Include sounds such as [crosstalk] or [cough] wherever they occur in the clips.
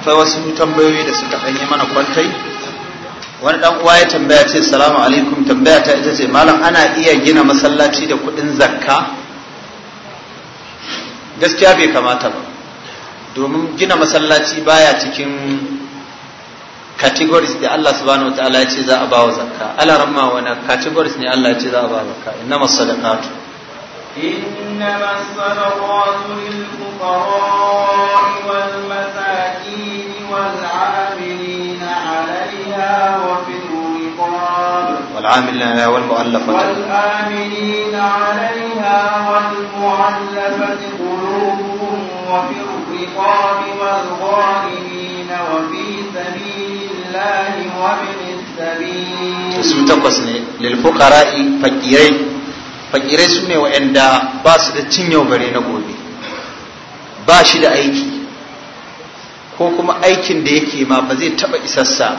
akwai wasu tambayoyi da suka hanyi mana kwantai wani dan uwa ya tambaya ce salamu alaikum tambaya ta ita ce malam ana iya gina masallaci da kuɗin zakka gaskiya bai kamata ba domin gina masallaci baya cikin categories da Allah subhanahu wa ta'ala ya ce za a ba wa zakka ala ramma wani categories ne Allah ya ce za a ba wa zakka inna masadaqatu lil fuqara wal masakin والعاملين عليها وفي الرقاب والعاملين والمؤلفة والآمنين عليها والمؤلفة قلوبهم وفي الرقاب والغارمين وفي سبيل الله وابن السبيل اسم تقصني للفقراء فقيرين fakirai su ne wa'anda ba su da cin yau bare na gobe ba shi da aiki ko kuma aikin da yake ma ba zai taɓa isassa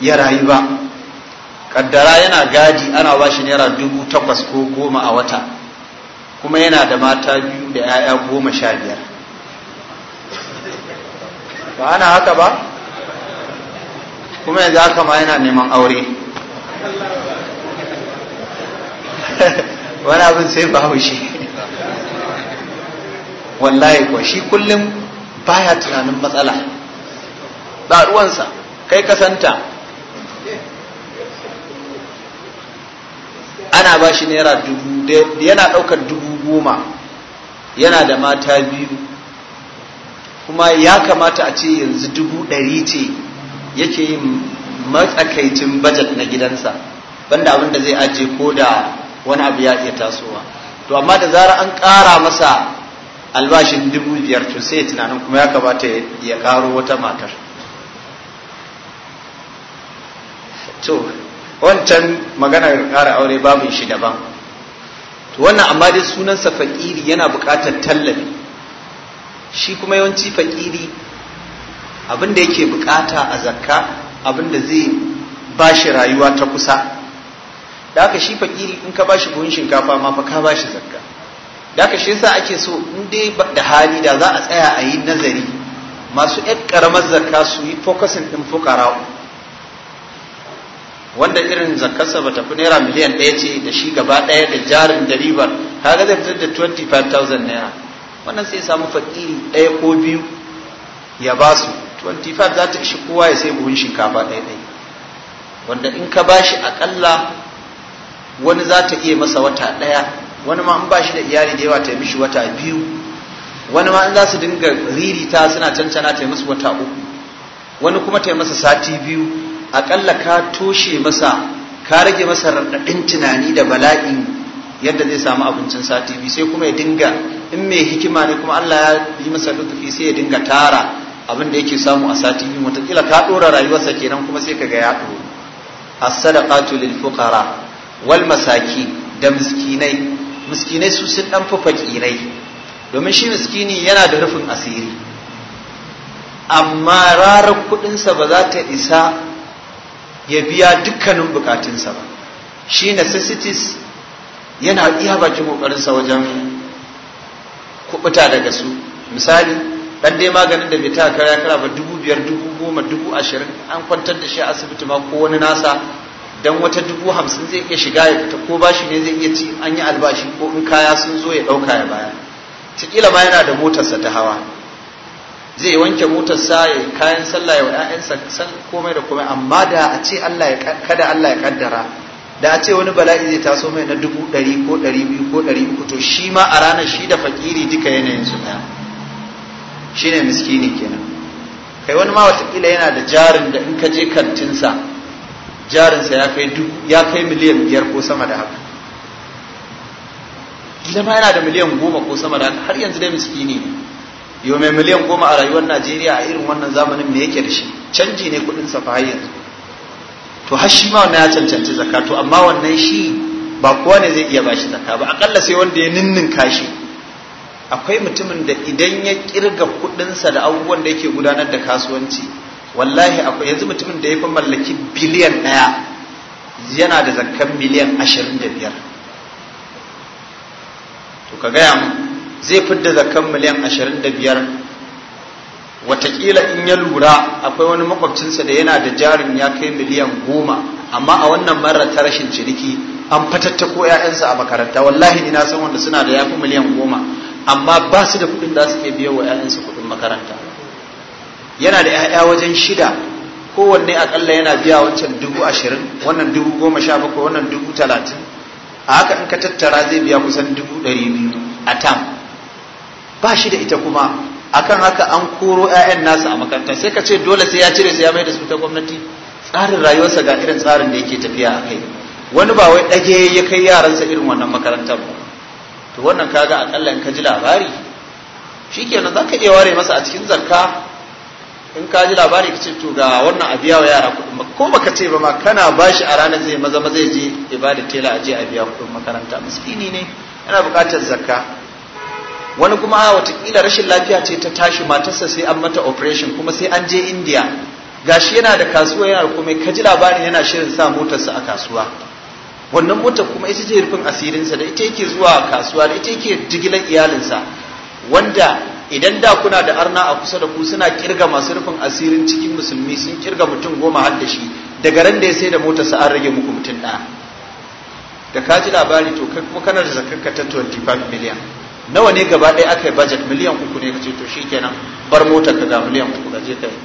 ya rayu ba kaddara yana gadi ana ba shi naira dubu takwas ko goma a wata kuma yana da mata biyu da 'ya'ya goma sha biyar ba ana haka ba kuma yanzu haka ma yana neman aure [laughs] wani abin sai ba haushi wallahi kuwa shi kullum baya tunanin matsala ba ruwansa kai kasanta ana ba shi naira dubu yana ɗaukar dubu goma yana da mata biyu kuma ya kamata a ce yanzu dubu ɗari ce yake yin matsakaicin bajet na gidansa banda abin da zai ajiye ko da wani abu ya iya tasowa to amma da zara an ƙara masa albashin dubu biyar to sai tunanin kuma ya kamata ya karo wata matar to wancan maganar kara aure babin shi daban to wannan amma dai sunansa fakiri yana buƙatar tallafi shi kuma yawanci fakiri abinda yake buƙata a zakka abinda zai ba shi rayuwa ta kusa da haka shi fakiri in ka ba shi buhun shinkafa ma fa ka shi zakka da shi yasa ake so in dai da hali da za a tsaya a yi nazari masu ƴan ƙaramar zakka su yi fokasin ɗin fukara wanda irin zakkarsa ba tafi naira miliyan ɗaya ce da shi gaba ɗaya da jarin da ribar kaga zai fitar da 25,000 naira wannan sai samu fakiri ɗaya ko biyu ya ba su 25 za ta ishi kowa ya sai buhun shinkafa ɗaya ɗaya wanda in ka ba shi aƙalla wani za ta iya masa wata ɗaya wani ma in ba shi da iyali da yawa ta mishi wata biyu wani ma in za su dinga ririta suna cancana ta musu wata uku wani kuma ta masa sati biyu akalla ka toshe masa ka rage masa raɗaɗin tunani da bala'in yadda zai samu abincin sati biyu sai kuma ya dinga in mai hikima ne kuma Allah ya yi masa lutufi sai ya dinga tara abin da yake samu a sati biyu wataƙila ka ɗora rayuwarsa kenan kuma sai ka ga ya ɗoro as-sadaqatu lil fuqara wal masakin da miskinai miskinai su sun dan fi fakirai domin shi miskini yana da rufin asiri amma rarar kudinsa ba za ta isa ya biya dukkanin bukatunsa ba shi necessities yana iya bakin kokarinsa wajen kubuta daga su misali dan dai maganin da bai ta kara kara ba dubu biyar dubu goma dubu ashirin an kwantar da shi a asibiti ma ko wani nasa dan wata dubu hamsin zai iya shiga ya fita ko bashi ne zai iya ci an yi albashi ko in kaya sun zo ya ɗauka ya baya tikila ma yana da motarsa ta hawa zai wanke motarsa ya kayan sallah ya wa 'ya'yansa komai da komai amma da a ce Allah ya kada Allah ya kaddara da a ce wani bala'i zai taso mai na dubu ɗari ko ɗari biyu ko ɗari uku to shi ma a ranar shi da fakiri duka yanayin su ɗaya shi miskini kenan kai wani ma watakila yana da jarin da in ka je kantinsa jarinsa ya kai duk ya kai miliyan biyar ko sama da haka idan yana da miliyan goma ko sama da haka har yanzu dai miskini ne yau mai miliyan goma a rayuwar najeriya a irin wannan zamanin me yake da shi canji ne kudin fa yanzu to har shi ma wannan ya cancanci zakka to amma wannan shi ba kowa ne zai iya bashi zakka ba akalla sai wanda ya ninninka shi akwai mutumin da idan ya kirga kudinsa da abubuwan da yake gudanar da kasuwanci wallahi akwai yanzu mutumin da ya fi mallaki biliyan ɗaya yana da zakkan miliyan ashirin da biyar to ka gaya mu zai fidda zakkan miliyan ashirin da biyar watakila in ya lura akwai wani makwabcinsa da yana da jarin ya kai miliyan goma amma a wannan marar ta rashin ciniki an fatattako 'ya'yansa a makaranta wallahi ni na san wanda suna da yafi miliyan goma amma ba su da kuɗin da su ke biya wa 'ya'yansa kuɗin makaranta yana da 'ya'ya wajen shida kowanne akalla yana biya wancan dubu ashirin wannan dubu goma sha bakwai wannan dubu talatin a haka in ka tattara zai biya kusan dubu ɗari biyu a tam ba shi da ita kuma akan haka an koro 'ya'yan nasu a makaranta sai ka ce dole sai ya cire sai ya mai da su ta gwamnati tsarin rayuwarsa ga irin tsarin da yake tafiya a kai wani ba wai ɗage ya kai yaransa irin wannan makarantar ba to wannan kaga akalla in ka ji labari shikenan za ka iya ware masa a cikin zarka in ka ji labari ka ce to ga wannan a biya wa yara kuɗin ba ko baka ce ba ma kana bashi a ranar zai maza maza je ibada tela a je a biya kuɗin makaranta miskini ne yana buƙatar zakka wani kuma a watakila rashin lafiya ce ta tashi matarsa sai an mata operation kuma sai an je india gashi yana da kasuwa yana kuma komai ka ji labari yana shirin sa motarsa a kasuwa wannan motar kuma ita ce rufin asirinsa da ita yake zuwa kasuwa da ita yake jigilar iyalinsa wanda idan da kuna da arna a kusa da ku suna kirga masu rufin asirin cikin musulmi sun kirga mutum goma har da shi daga ran da ya sai da mota sa an rage muku mutum ɗaya da ka ji labari to kuma kana da zakarka ta 25 miliyan nawa ne gaba ɗaya aka yi budget miliyan uku ne kace to shikenan bar motar ka ga miliyan uku ka je kai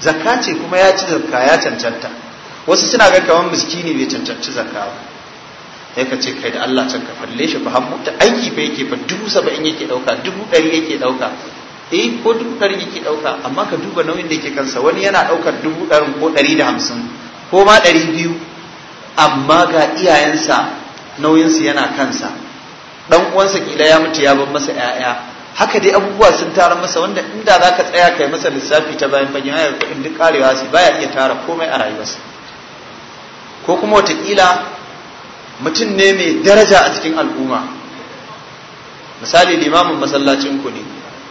zakka ce kuma ya ci zakka ya cancanta wasu suna ga kamar miskini bai cancanci zakka ba sai ka ce kai da Allah can ka falle shi ba hannu ta aiki ba yake ba dubu saba'in yake ɗauka dubu ɗari yake ɗauka eh ko dubu ɗari yake ɗauka amma ka duba nauyin da yake kansa wani yana ɗaukar dubu ɗarin ko ɗari da hamsin ko ma ɗari biyu amma ga iyayensa nauyinsu yana kansa dan uwansa kila ya mutu ya bar masa 'ya'ya haka dai abubuwa sun tara masa wanda inda za ka tsaya kai masa lissafi ta bayan fagen haya kuɗin duk karewa su baya iya tara komai a rayuwarsa ko kuma watakila mutum ne mai daraja a cikin al'umma misali limamin masallacin ku ne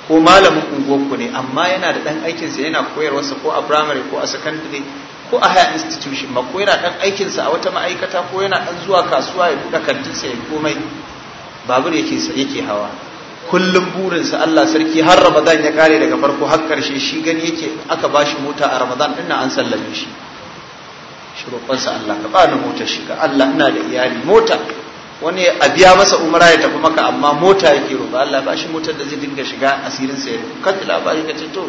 ko malamin unguwarku ne amma yana da ɗan aikinsa yana koyarwarsa ko a primary ko a secondary ko a higher institution ma ko yana ɗan aikinsa a wata ma'aikata ko yana ɗan zuwa kasuwa ya buɗe kantinsa ya komai babur yake yake hawa kullum burinsa Allah sarki har Ramadan ya kare daga farko har karshe shi gani yake aka bashi mota a Ramadan ɗin an sallame shi shi sa Allah ka bani motar shiga Allah ina da iyali mota wani a biya masa umara ya tafi maka amma mota yake roƙa Allah ba shi motar da zai dinga shiga asirin sa ya ka labari ka ce to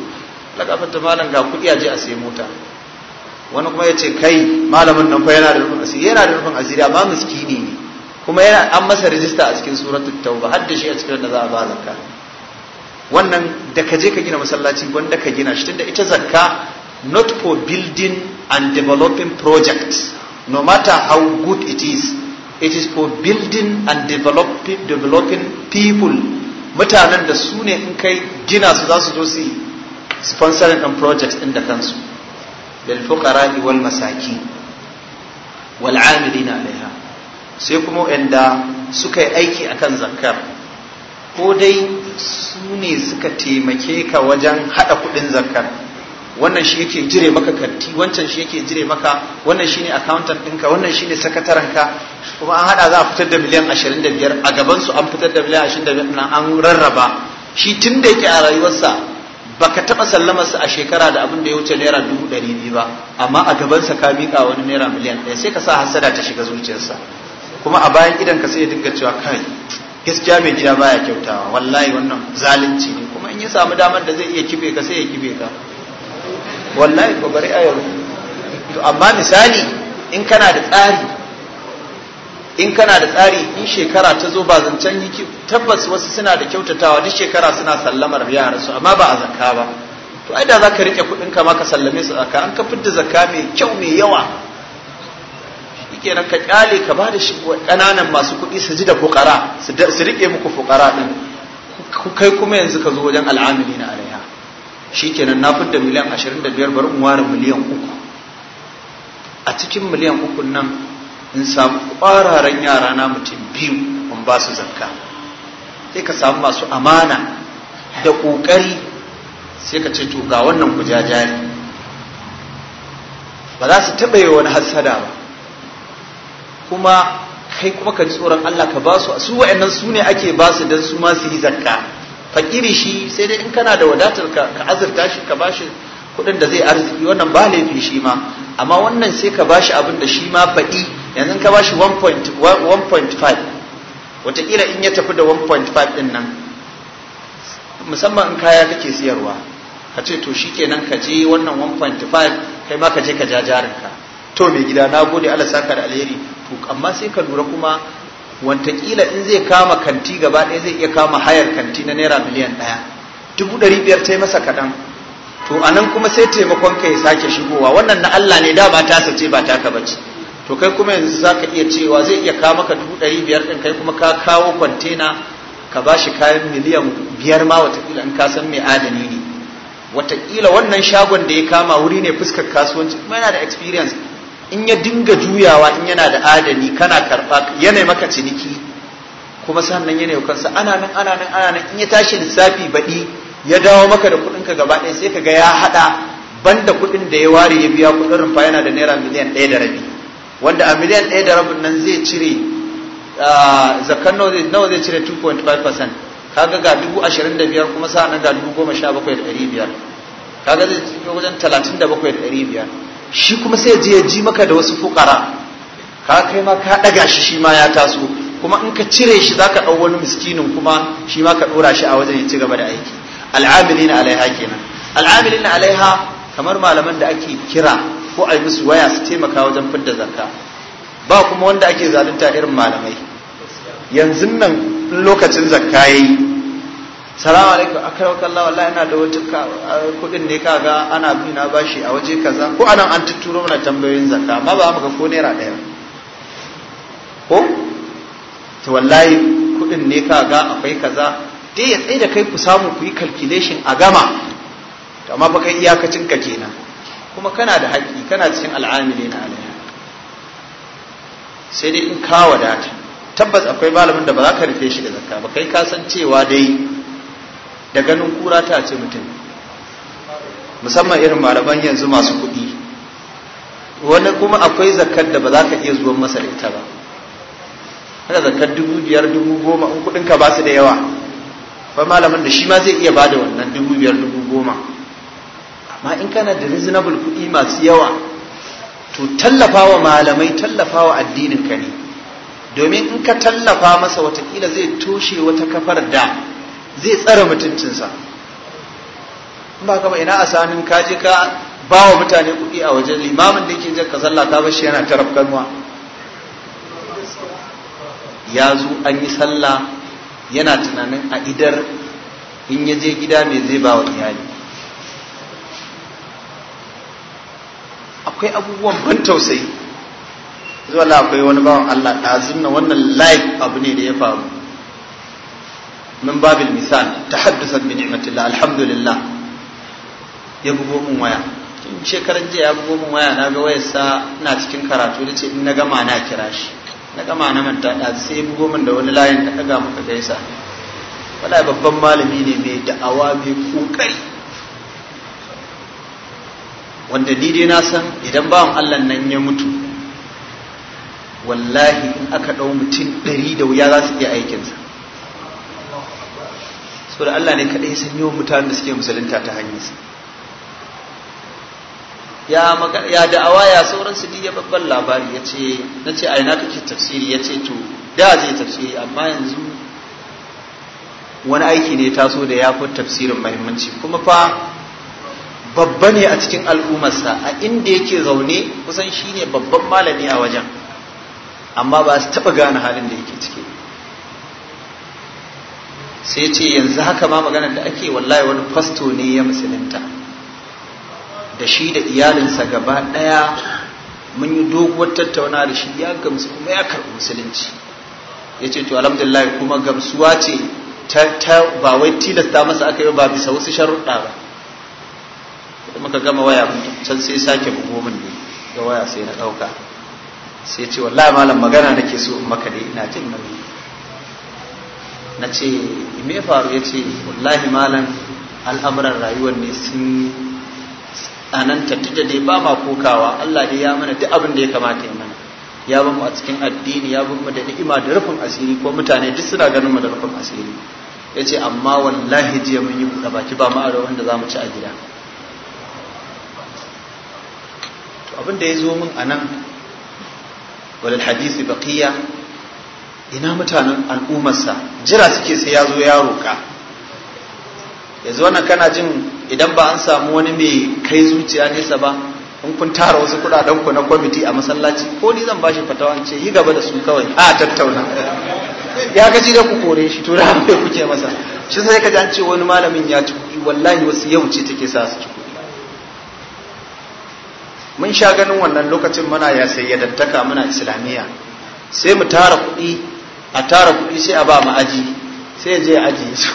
lagafin ta malam ga kuɗi a je a sayi mota wani kuma ya ce kai malamin nan fa yana da rufin asiri yana da rufin asiri amma miskini ne kuma yana an masa rijista a cikin suratul tauba har da shi a cikin da za a ba zakka wannan da ka je ka gina masallaci wanda ka gina shi tunda ita zakka not for building and developing projects, no matter how good it is. It is for building and developing, developing people. Mutanen da su ne in kai gina su za su zo su sponsoring and projects in da kansu. Lil fuqara wal masaki wal na alaiha. Sai kuma waɗanda suka yi aiki akan zakkar ko dai su ne suka taimake ka wajen haɗa kuɗin zakkar. wannan shi yake jire maka kanti wancan shi yake jire maka wannan shine accountant ɗinka wannan shine sakataren ka kuma an hada za a fitar da miliyan 25 a gaban su an fitar da miliyan 25 an rarraba shi tun da yake a rayuwarsa baka taba sallama sa a shekara da abin da ya wuce naira ɗari biyu ba amma a gabansa ka mika wani naira miliyan ɗaya sai ka sa hasada ta shiga zuciyarsa kuma a bayan idan ka sai ya cewa kai gaskiya mai gida baya kyautawa wallahi wannan zalunci ne kuma in ya samu damar da zai iya kibe ka sai ya kibe ka wallahi ko bari to amma misali in kana da tsari in kana da tsari in shekara ta zo ba zancen yi tabbas wasu suna da kyautatawa duk shekara suna sallamar yaran su amma ba a zakka ba to ai da za rike kuɗin ka ma ka sallame su zakka an ka fidda zakka mai kyau mai yawa shikenan ka kyale ka ba da shi ƙananan masu kuɗi su ji da fukara su rike muku fukara din kai kuma yanzu ka zo wajen al'amili na alai shikenan na fitar miliyan 25 bari in miliyan 3 a cikin miliyan 3 nan in samu kwararren yara na mutum biyu in ba su zakka sai ka samu masu amana da ƙoƙari sai ka ce toga wannan kujajari ba za su taɓa yi wani hassada ba kuma kai kuma ka ji tsoron Allah ka ba su su wa'annan su ne ake ba su don su ma yi zakka fakiri shi sai dai in kana da wadatar ka ka azurta shi ka bashi kuɗin da zai arziki wannan ba laifi shi ma amma wannan sai ka bashi abin da shi ma faɗi yanzu ka bashi 1.5 wataƙila in ya tafi da 1.5 ɗin nan musamman in kaya kake siyarwa ka ce to shi kenan ka je wannan 1.5 kai ma ka je ka ja jarinka to mai gida na gode Allah saka da alheri to amma sai ka lura kuma wantakila in zai kama kanti gaba ɗaya zai iya kama hayar kanti na naira miliyan ɗaya dubu ɗari biyar ta yi masa kaɗan to a nan kuma sai taimakon ka ya sake shigowa wannan na Allah ne da ba ta sace ba ta bace to kai kuma yanzu za ka iya cewa zai iya kawo maka dubu ɗari biyar ɗin kai kuma ka kawo kwantena ka ba shi kayan miliyan biyar ma watakila in ka san mai adani ne watakila wannan shagon da ya kama wuri ne fuskar kasuwanci kuma yana da experience in ya dinga juyawa in yana da adani kana karɓa yana maka ciniki kuma sannan yana yau kansa ana nan ana nan ana nan in ya tashi lissafi baɗi ya dawo maka da kuɗin ka gaba ɗaya sai ka ga ya haɗa banda kuɗin da ya ware ya biya kuɗin rumfa yana da naira miliyan ɗaya da rabi wanda a miliyan ɗaya da rabin nan zai cire zakar nawa zai cire 2.5% kaga ga dubu ashirin da biyar kuma sa'an ga dubu goma sha bakwai da ɗari biyar kaga zai cire wajen talatin da bakwai da ɗari biyar shi kuma sai je ya ji maka da wasu fukara ka kai ma ka daga shi shi ma ya taso kuma in ka cire shi zaka dau wani miskinin kuma shi ma ka dora shi a wajen ya ci gaba da aiki al'amilina alaiha kenan al'amilina alaiha kamar malaman da ake kira ko a musu waya su taimaka wajen fidda zakka ba kuma wanda ake zalunta irin malamai yanzu nan lokacin zakka yayi salamu alaikum akarwaka Allah wallahi ina da wata kudin ne kaga ana bina na bashi a waje kaza ko anan an tutturo mana tambayoyin zakka amma ba ga ko naira daya ko to wallahi kudin ne kaga akwai kaza dai ya tsaye da kai ku samu ku yi calculation a gama to amma baka iyakacin ka kenan kuma kana da haƙƙi kana cikin al'amili na alaiha sai dai in ka wadata tabbas akwai malamin da ba za ka rufe shi da zakka ba kai ka san cewa dai da ganin kura ta ce mutum musamman irin malaman yanzu masu kuɗi wani kuma akwai zakar da ba za ka iya zuwan masa da ita ba haka zakar dubu biyar dubu goma in kuɗin ka ba su da yawa ba malamin da shi ma zai iya ba da wannan dubu biyar dubu goma amma in kana da reasonable kuɗi masu yawa to tallafa wa malamai wa addinin ka ne domin in ka tallafa masa watakila zai toshe wata kafar da zai tsara mutuncinsa ba kama ina a sanin kaji ka ba wa mutane kuɗi a wajen limamin da yake jan ka sallah ka bashi yana taraf kalma ya zo an yi sallah yana tunanin a idar in ya je gida mai zai ba wa iyali akwai abubuwan ban tausayi zuwa akwai wani bawan Allah ɗazin na wannan live abu ne da ya faru min babil misal tahaddusan bi ni'matillah alhamdulillah ya bugo min waya in shekaran jiya ya bugo min waya na ga wayarsa ina cikin karatu da in na gama na kira shi na gama manta da sai ya bugo min da wani layin da ɗaga muka gaisa wala babban malami ne mai da'awa ko kai. wanda ni dai na san idan bawan Allah nan ya mutu wallahi in aka ɗau mutum ɗari da wuya za su iya aikinsa so da Allah ne kaɗai san yawan mutanen da suke musulunta ta hanyar ya da'awa ya sauran su ya babban labari ya ce na ce a ina kake tafsiri ya ce to da zai tafsiri amma yanzu wani aiki ne taso da ya fi tafsirin mahimmanci kuma fa babba ne a cikin al'ummarsa a inda yake zaune kusan shine babban malami a wajen amma ba su taɓa gane halin da yake ciki sai ce yanzu haka ma maganar da ake wallahi wani fasto ne ya musulunta da shi da iyalinsa gaba ɗaya mun yi doguwar tattauna da shi ya gamsu kuma ya karɓi musulunci ya ce to alhamdulillah kuma gamsuwa ce ta ba wai tilasta masa aka yi ba bisa wasu sharuɗa ba da muka gama waya can sai sake bugo min ne ga waya sai na ɗauka sai ce wallahi malam magana nake so in maka dai ina jin nauyi na ce me faru ya ce wallahi malam al'amuran rayuwar ne sun a nan da dai ba ma kokawa Allah dai ya mana duk abin da ya kamata ya mana ya ba mu a cikin addini ya ba mu da ni'ima da rufin asiri ko mutane duk suna ganin mu da rufin asiri ya ce amma wallahi jiya mun yi buɗe baki ba ma'aro wanda za mu ci a gida abin da ya zo min a nan walil hadisi baqiya ina mutanen al'ummarsa jira suke sai ya zo ya roƙa yanzu wannan kana jin idan ba an samu wani mai kai zuciya nesa ba in kun tara wasu kudaden ku na kwamiti a masallaci ko ni zan bashi fatawa ce yi gaba da su kawai a tattauna ya gaji da ku kore shi to da me kuke masa shi sai ka ji an ce wani malamin ya ci kuɗi wallahi wasu yau ce take sa su ci kuɗi mun sha ganin wannan lokacin muna ya sayyadantaka muna islamiyya sai mu tara kuɗi a tara kuɗi sai a ba mu aji sai je aji su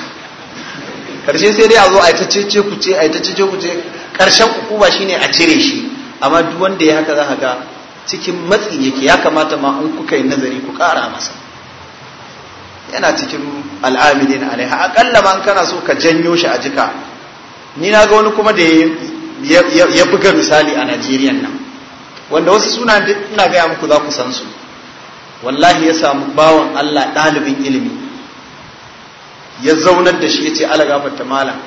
karshe sai dai a zo a ta cece ku ce a ta cece ku ce karshen hukuma shine a cire shi amma duk wanda ya haka zaka ga cikin matsi yake ya kamata ma in kuka yi nazari ku kara masa yana cikin al'amilin alaiha akalla ma kana so ka janyo shi a jika ni na ga wani kuma da ya buga misali a Najeriya nan wanda wasu suna ina gaya muku za ku san su wallahi ya samu bawan Allah ɗalibin ilimi ya zaunar da shi ya ce alagafarta malam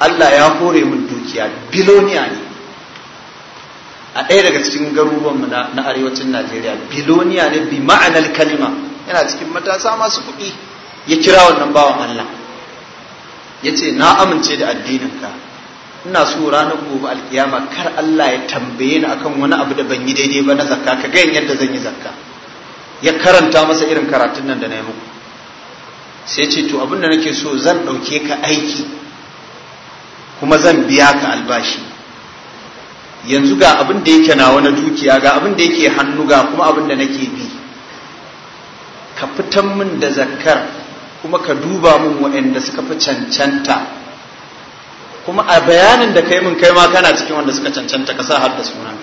Allah ya hore mun dukiya biloniya ne a ɗaya daga cikin garuruwanmu na arewacin Najeriya biloniya ne bi ma'anar kalima yana cikin matasa masu kuɗi ya kira wannan bawan Allah ya ce na amince da addinin ka. ina so ranar gobe alkiyama kar Allah ya tambaye ni akan wani abu da ban yi daidai ba na zakka ka ga yadda zan yi zakka ya karanta masa irin karatun nan da na yi muku sai ce to abin da nake so zan ɗauke ka aiki kuma zan biya ka albashi yanzu ga abin da yake nawa na dukiya ga abin da yake hannu ga kuma abin da nake bi ka fitan min da zakkar kuma ka duba min waɗanda suka fi cancanta kuma a bayanin da kai mun kai ma kana cikin wanda suka cancanta ka sa har da suna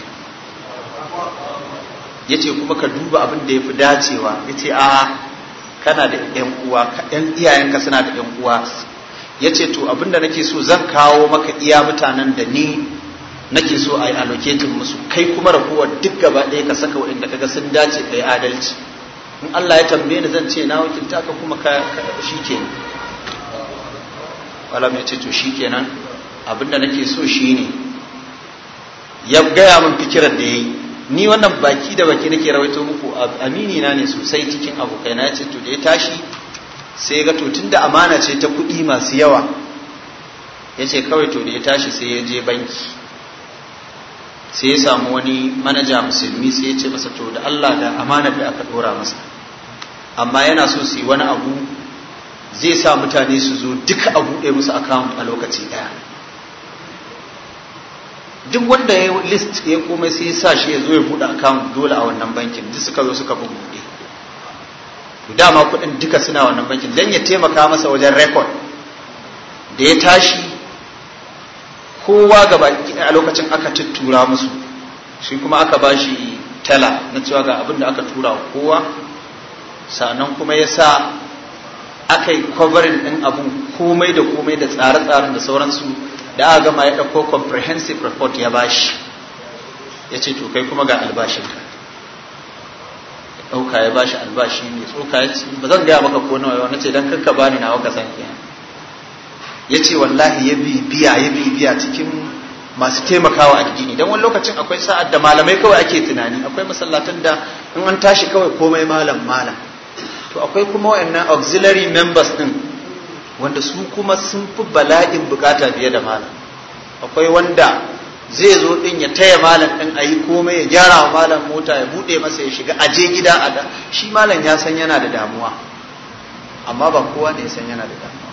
ya ce kuma ka duba abin da ya fi dacewa ya ce a kana da yan uwa yan iyayenka suna da yan uwa ya ce to abin da nake so zan kawo maka iya mutanen da ni nake so a yi allocating musu kai kuma ragowar duk gaba ɗaya ka saka waɗanda kaga sun dace kai adalci in Allah ya tambaye ni zan ce na wakilta ka kuma ka shi kenan. Allah ya ce to shi kenan abinda nake so shi ne. ya gaya min fikirar da yayi ni wannan baki da baki nake rawaito muku amini na ne sosai cikin abokaina na ce to da ya tashi sai ga to tunda amana ce ta kuɗi masu yawa ya ce kawai to da ya tashi sai ya je banki sai ya samu wani manaja musulmi sai ya ce masa to da Allah da amana da aka dora masa amma yana so su yi wani abu zai sa mutane su zo duka abu ɗaya musu account a lokaci ɗaya duk wanda ya list ya komai sai sa shi ya zo ya buɗe account dole a wannan bankin duk suka zo suka fi buɗe dama kuɗin duka suna wannan bankin dan ya taimaka masa wajen record da ya tashi kowa gaba a lokacin aka tuttura musu shi kuma aka ba shi tala na cewa ga abin da aka tura wa kowa sannan kuma ya sa aka yi covering ɗin abun komai da komai da tsare-tsaren da sauransu da aka gama ya ɗauko comprehensive report ya bashi ya ce to kai kuma ga albashinka ya ɗauka ya bashi albashi ne. tsoka ya ce ba zan gaya maka ko nawa wani ce don kanka bani nawa ka san kenan ya ce wallahi ya bibiya ya bibiya cikin masu taimakawa addini don wani lokacin akwai sa'ad da malamai kawai ake tunani akwai masallatan da in an tashi kawai komai malam malam to akwai kuma wayannan auxiliary members din wanda su kuma sun fi bala'in bukata fiye da malam akwai wanda zai zo din ya taya malam din a yi komai ya gyara wa malam mota ya bude masa ya shiga aje gida a da shi malam ya san yana da damuwa amma ba kowa ne ya san yana da damuwa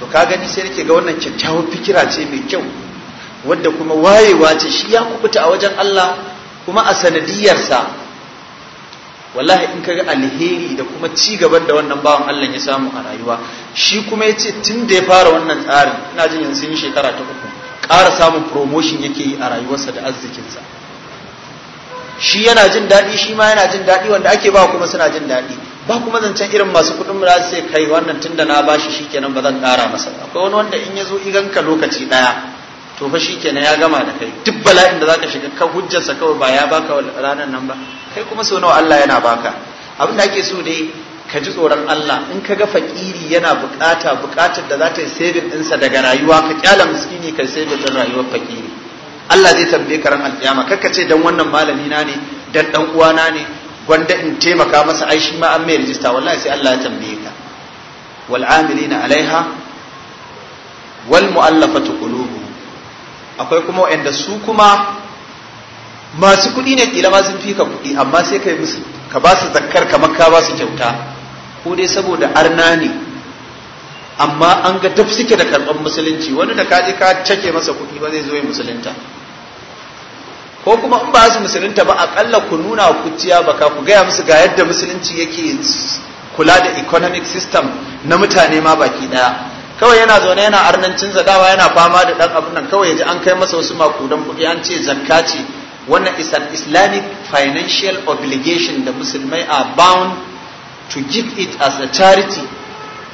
to ka gani sai nake ga wannan kyakkyawan fikira ce mai kyau wadda kuma wayewa ce shi ya kubuta a wajen Allah kuma a sanadiyarsa wallahi in kaga alheri da kuma ci gaban da wannan bawan Allah ya samu a rayuwa shi kuma yace tun da ya fara wannan tsarin ina jin yanzu yi shekara ta uku ƙara samun promotion yake yi a rayuwarsa da arzikinsa shi yana jin daɗi shi ma yana jin daɗi wanda ake ba kuma suna jin daɗi ba kuma zancen irin masu kuɗin mura sai kai wannan tunda na bashi shikenan ba zan ƙara masa akwai wani wanda in ya zo iganka lokaci ɗaya to fa shikenan ya gama da kai duk bala'in da zaka shiga ka hujjarsa kawai ba ya baka ranar nan ba kai kuma sau nawa Allah yana baka abin da ake so dai ka ji tsoron Allah in ka ga fakiri yana bukata bukatar da za ta yi saving ɗinsa daga rayuwa ka kyala miskini ka saving ɗin rayuwar fakiri Allah zai tambaye ka ran alƙiyama kar ka ce dan wannan malami na ne dan dan uwa na ne gwanda in taimaka masa ai shi ma an mai rijista wallahi sai Allah ya tambaye ka wal amilina alaiha wal mu'allafatu akwai kuma wa'anda su kuma masu kuɗi ne kila ma sun fi ka kuɗi amma sai ka yi musu ka ba su zakkar kamar ka ba su kyauta ko dai saboda arna ne amma an ga duk suke da karɓar musulunci wani da kaji ka cake masa kuɗi ba zai zo ya musulunta ko kuma in ba su musulunta ba akalla ku nuna wa kuciya baka ku gaya musu ga yadda musulunci yake kula da economic system na mutane ma baki ɗaya kawai yana zaune yana arnancin zagawa yana fama da dan abin nan kawai yaji an kai masa wasu makudan kuɗi an ce zakka ce wannan is an islamic financial obligation da musulmai are bound to give it as a charity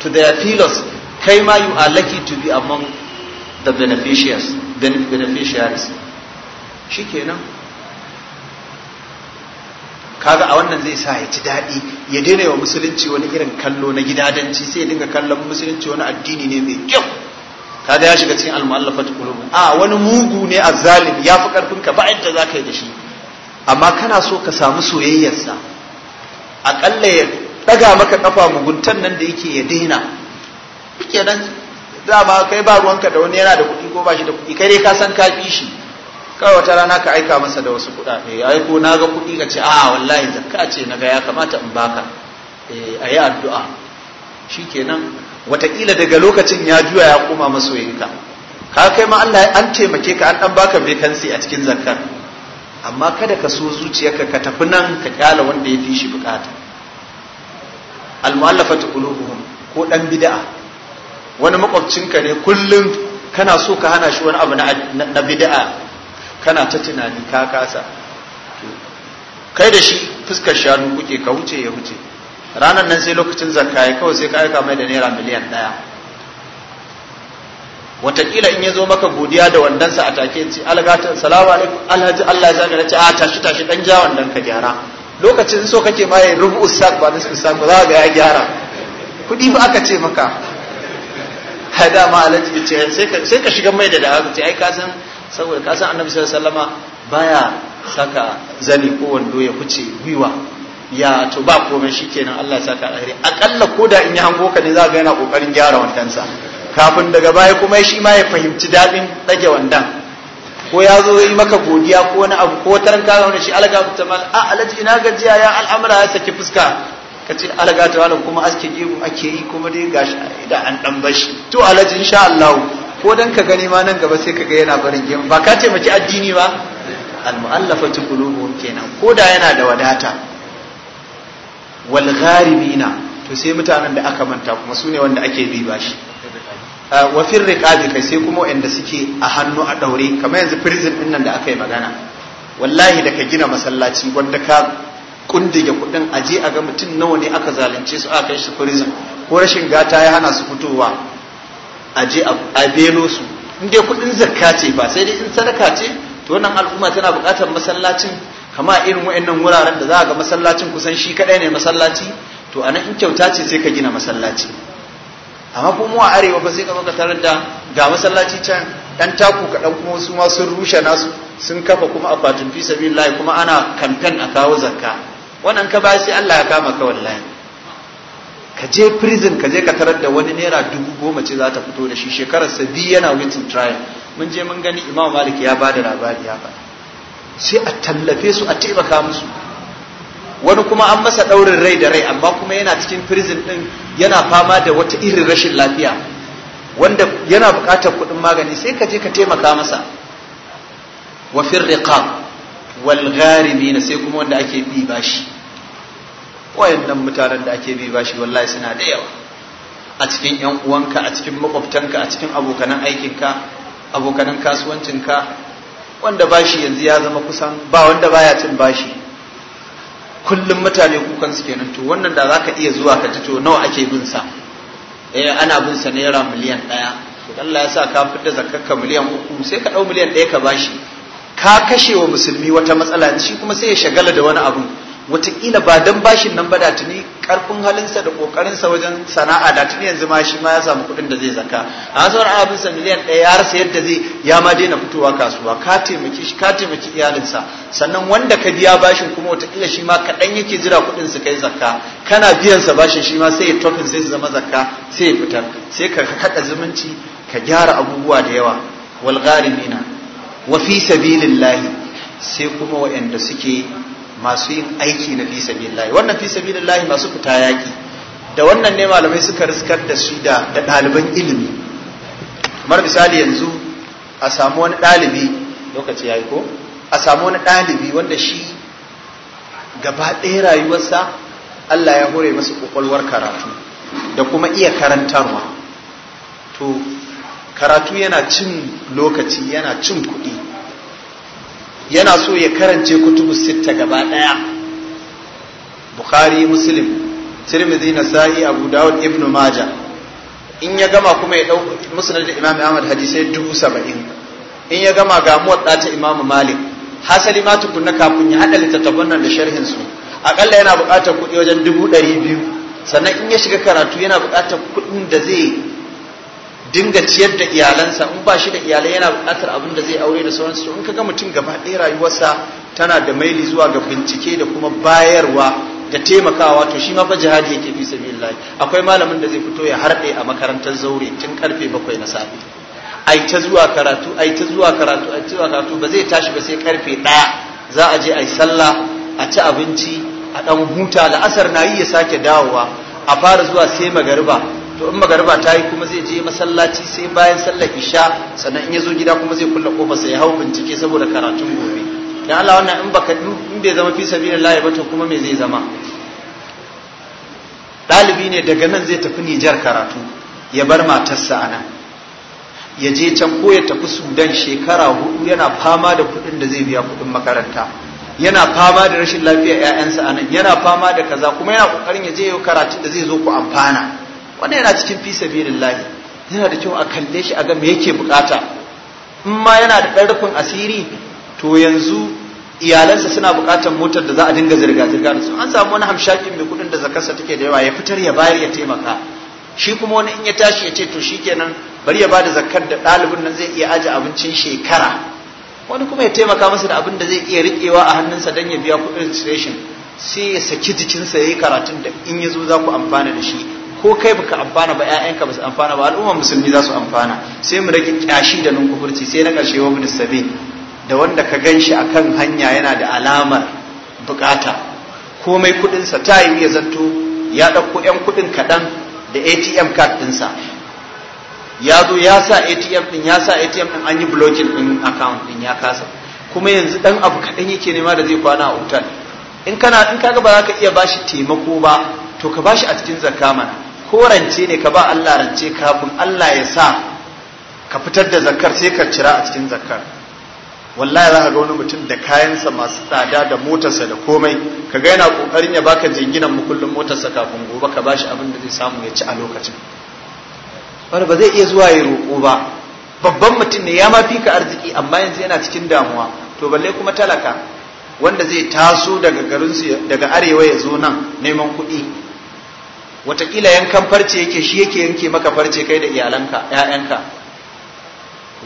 to their fellows kai ma you are lucky to be among the beneficiaries beneficiaries shikenan kaga a wannan zai sa ya ji daɗi ya daina wa musulunci wani irin kallo na gidadanci sai ya dinga kallon musulunci wani addini ne mai kyau kaga ya shiga cikin almu'allafat qulubun a wani mugu ne azzalim ya fi karfin ka ba yadda zaka yi da shi amma kana so ka samu soyayyarsa akalla ya daga maka kafa muguntan nan da yake ya daina kenan ba kai ba ruwanka da wani yana da kuɗi ko ba shi da kuɗi kai ka san ka fi shi kawai wata rana ka aika masa da wasu kuɗaɗe aiko ko na ga kuɗi ka ce a wallahi zakka ce na ga ya kamata in baka eh, a yi addu'a shikenan watakila daga lokacin ya juya ya koma masoyinka ka kai ma Allah an taimake ka an dan baka bekansi a cikin zakkar amma kada ka so zuciyarka ka tafi nan ka kyala wanda ya fi shi bukata almu'allafatu qulubuhum ko dan bid'a wani makwabcinka ne kullum kana so ka hana shi wani abu na bid'a kana ta tunani ka kasa kai da shi fuskar shanu kuke ka wuce ya wuce ranar nan sai lokacin zakka ya kawai sai ka aika mai da naira miliyan ɗaya watakila in ya zo maka godiya da sa a take ce algata salamu alaikum alhaji Allah ya na ce a tashi tashi dan ja wannan ka gyara lokacin so kake ma yayin rubu usak ba nisfu usak ba za ga ya gyara kudi ba aka ce maka hada ma alaji ce sai ka sai ka shiga mai da da aka ce ai ka san saboda kasan annabi sallama baya saka zani ko wando ya huce gwiwa ya to ba komai shikenan Allah ya saka alheri akalla ko da in ya hango ka ne za ga yana kokarin gyara wandansa kafin daga baya kuma shi ma ya fahimci dadin dage wandan ko ya zo yi maka godiya ko wani abu ko taran ka wani shi alaga ta mal a ah, alaji ina gajiya ya al'amura ya saki fuska ka ce alaga ta kuma aske gemu ake yi kuma dai gashi da an dan bashi to alaji insha Allah ko dan ka gani ma nan gaba sai ka ga yana barin gemu ba ka ce ci addini ba Al-muhallabacin mu'allafatu qulubuhum kenan ko da yana da wadata wal gharibina to sai mutanen da aka manta kuma sune wanda ake bi shi ah, wa fir riqabi kai sai kuma wanda suke a hannu a daure kamar yanzu prison din nan da aka yi magana wallahi da ka gina masallaci wanda ka kundige kudin aje a ga mutum nawa ne aka zalunce su aka kai su prison ko rashin gata ya hana su fitowa a je a belo su in dai kuɗin zakka ce ba sai dai in sadaka ce to wannan al'umma tana buƙatar masallacin kama irin wa'annan wuraren da za ga masallacin kusan shi kaɗai ne masallaci to a nan in kyauta ce sai ka gina masallaci amma kuma a arewa ba sai ka zo tarar da ga masallaci can ɗan taku kaɗan kuma su ma sun rushe nasu sun kafa kuma akwatin fi layi, kuma ana kamfen a kawo zakka wannan ka ba sai Allah ya kama ka wallahi ka je prison ka je ka tarar da wani naira dubu goma ce za ta fito da shi shekarar sa biyu yana waiting trial mun je mun gani imam malik ya ba da labari ya faɗa sai a tallafe su a taimaka musu wani kuma an masa ɗaurin rai da rai amma kuma yana cikin prison ɗin yana fama da wata irin rashin lafiya wanda yana buƙatar kuɗin magani sai ka je ka taimaka masa wa firriqa wal sai kuma wanda ake bi bashi wayannan mutanen da ake bi bashi wallahi suna da yawa a cikin yan uwanka a cikin makwabtanka a cikin abokanan aikinka abokanan kasuwancinka wanda bashi yanzu ya zama kusan ba wanda baya cin bashi kullum mutane kukan su kenan to wannan da zaka iya zuwa ka ji to nawa ake bin sa eh ana bin sa naira miliyan ɗaya Allah ya sa ka fitar zakkarka miliyan uku sai ka ɗau miliyan ɗaya ka bashi ka kashe wa musulmi wata matsala shi kuma sai ya shagala da wani abu wataƙila ba don bashin nan ba da tuni ƙarfin halinsa da ƙoƙarinsa wajen sana'a da tuni yanzu ma shi ma ya samu kuɗin da zai zaka a sauran sa miliyan ɗaya ya rasa yadda zai ya ma daina fitowa kasuwa ka taimaki shi ka taimaki iyalinsa sannan wanda ka biya bashin kuma wataƙila shi ma kaɗan yake jira kuɗin su kai zakka kana biyan sa bashin shi ma sai ya tofin sai su zama zakka sai ya fitar sai ka kaɗa zumunci ka gyara abubuwa da yawa wal gharimina wa fi sabilillahi sai kuma wa'anda suke masu yin aiki na fi wannan fi masu fita yaki da wannan ne malamai suka riskar da su da ɗaliban ilimi mar misali yanzu a samu wani ɗalibi lokaci ya yi ko a samu wani ɗalibi wanda shi gaba ɗaya rayuwarsa Allah ya hore masu ƙwaƙwalwar karatu da kuma iya karantarwa to karatu yana cin lokaci yana cin kuɗi yana so ya karance kutubu sitta gaba daya bukhari muslim tirmidhi nasa'i abu dawud ibnu maja in ya gama kuma ya dauko musnad da imam ahmad hadisai dubu in ya gama ga muwatta ta imam malik hasali ma tukunna kafin ya haɗa littattafan nan da sharhin su akalla yana buƙatar kuɗi wajen dubu ɗari biyu sannan in ya shiga karatu yana buƙatar kuɗin da zai dinga ciyar da iyalansa in ba shi da iyalai yana buƙatar abin da zai aure da sauransu to in ka ga mutum gaba ɗaya rayuwarsa tana da maili zuwa ga bincike da kuma bayarwa da taimakawa to shi ma fa jihadi yake fi sabilillah akwai malamin da zai fito ya harɗe a makarantar zaure tun karfe bakwai na safe ai ta zuwa karatu ai ta zuwa karatu ai ta zuwa karatu ba zai tashi ba sai karfe ɗaya za a je ai sallah a ci abinci a ɗan huta la'asar na yi ya sake dawowa a fara zuwa sai magariba to in magariba ta yi kuma zai je masallaci sai bayan sallar isha sannan in ya zo gida kuma zai kulla kofa sai ya hau bincike saboda karatun gobe dan Allah wannan in baka in bai zama fi sabilillah ba to kuma me zai zama dalibi ne daga nan zai tafi Nijar karatu ya bar matarsa a nan ya je can ko ya tafi Sudan shekara hudu yana fama da kuɗin da zai biya kuɗin makaranta yana fama da rashin lafiya ƴaƴansa anan yana fama da kaza kuma yana kokarin ya je yau karatu da zai zo ku amfana wannan yana cikin fi sabilillahi yana da kyau a kalle shi a ga me yake bukata in ma yana da ɗan asiri to yanzu iyalansa suna bukatar motar da za a dinga zirga zirga da su an samu wani hamshakin mai kudin da zakarsa take da yawa ya fitar ya bayar ya taimaka shi kuma wani in ya tashi ya ce to shikenan bari ya ba da zakar da ɗalibin nan zai iya aje abincin shekara wani kuma ya taimaka masa da abin da zai iya riƙewa a hannunsa don ya biya kuɗin registration sai ya saki jikinsa ya yi karatun da in ya zo za ku amfana da shi ko kai baka amfana ba ƴaƴanka ba su amfana ba al'umma musulmi za su amfana sai mu rage kyashi da kufurci sai na karshe wabin sabi da wanda ka gan shi akan hanya yana da alamar bukata komai kuɗinsa ta yi ya zanto ya ɗauko 'yan kuɗin kaɗan da atm card ɗinsa ya zo ya sa atm ɗin ya sa atm ɗin an yi blocking ɗin account ɗin ya kasa kuma yanzu ɗan abu kaɗan yake nema da zai kwana a hotel in kana in kaga ba za ka iya bashi taimako ba to ka bashi a cikin zakka ko rance ne ka ba Allah rance kafin Allah ya sa ka fitar da zakar sai ka cira a cikin zakar wallahi za ka ga wani mutum da kayansa masu tsada da motarsa da komai ka ga yana kokarin ya baka jinginan mu kullum motarsa kafin gobe ka bashi abin da zai samu ya ci a lokacin wani ba zai iya zuwa ya roƙo ba babban mutum ne ya ma fi ka arziki amma yanzu yana cikin damuwa to balle kuma talaka wanda zai taso daga garinsu daga arewa ya zo nan neman kuɗi watakila yankan farce yake shi yake yanke maka farce kai da iyalanka ƴaƴanka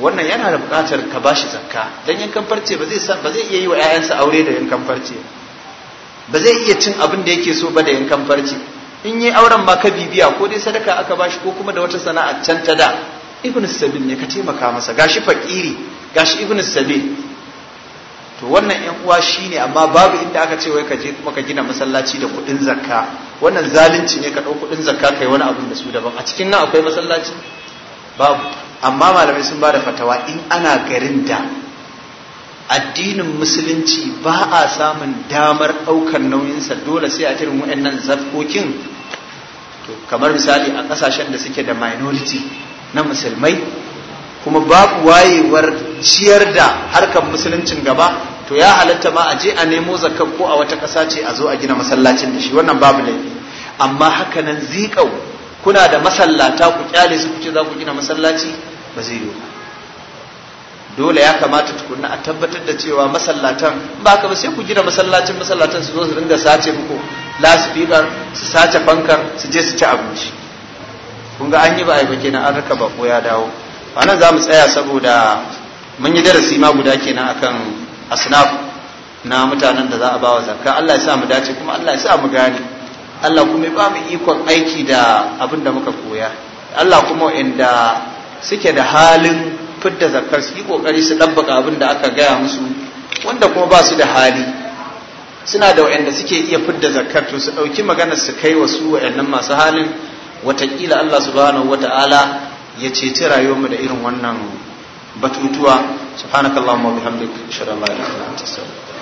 wannan yana da buƙatar ka bashi zakka dan yankan farce ba zai ba zai iya yi wa ƴaƴansa aure da yankan farce ba zai iya cin abin da yake so ba da yankan farce in yi auren ma ka bibiya ko dai sadaka aka bashi ko kuma da wata sana'a can ta da ibn sabil ne ka taimaka masa gashi fakiri gashi ibnu sabil to wannan yan uwa shi shine amma babu inda aka ce wai ka je kuma ka gina masallaci da kuɗin zakka wannan zalunci ne ka ɗau kuɗin zakka kai wani abu da su daban a cikin nan akwai masallaci babu amma malamai sun ba da fatawa in ana garin da addinin musulunci ba a samun damar ɗaukar nauyinsa dole sai a irin waɗannan zakokin to kamar misali a ƙasashen da suke da minority na musulmai kuma babu wayewar ciyar da harkar musuluncin gaba to ya halatta ma a je a nemo zakar ko a wata ƙasa ce a zo a gina masallacin da shi wannan babu laifi amma haka nan zikau kuna da masallata ku kyale su kuce za ku gina masallaci ba zai yiwu dole ya kamata tukunna a tabbatar da cewa masallatan ba ka ba sai ku gina masallacin masallatan su zo su ringa sace muku lasifika su sace fankar su je su ci abinci kun ga an yi ba a yi ba kenan an raka ba ko ya dawo a nan za mu tsaya saboda mun yi darasi ma guda kenan akan asnaf na mutanen da za a bawa zakka Allah ya sa mu dace kuma Allah ya sa mu gane Allah kuma ya ba mu ikon aiki da abin da muka koya Allah kuma inda suke da halin fidda zakkar su yi kokari su dabbaka abin da aka gaya musu wanda kuma ba su da hali suna da wa'anda suke iya fidda zakkar to su dauki magana su kai wa su wa'annan masu halin watakila Allah subhanahu wata'ala ya ceci mu da irin wannan batutuwa uh, subhanakallahumma wa bihamdik ashhadu an la ilaha illa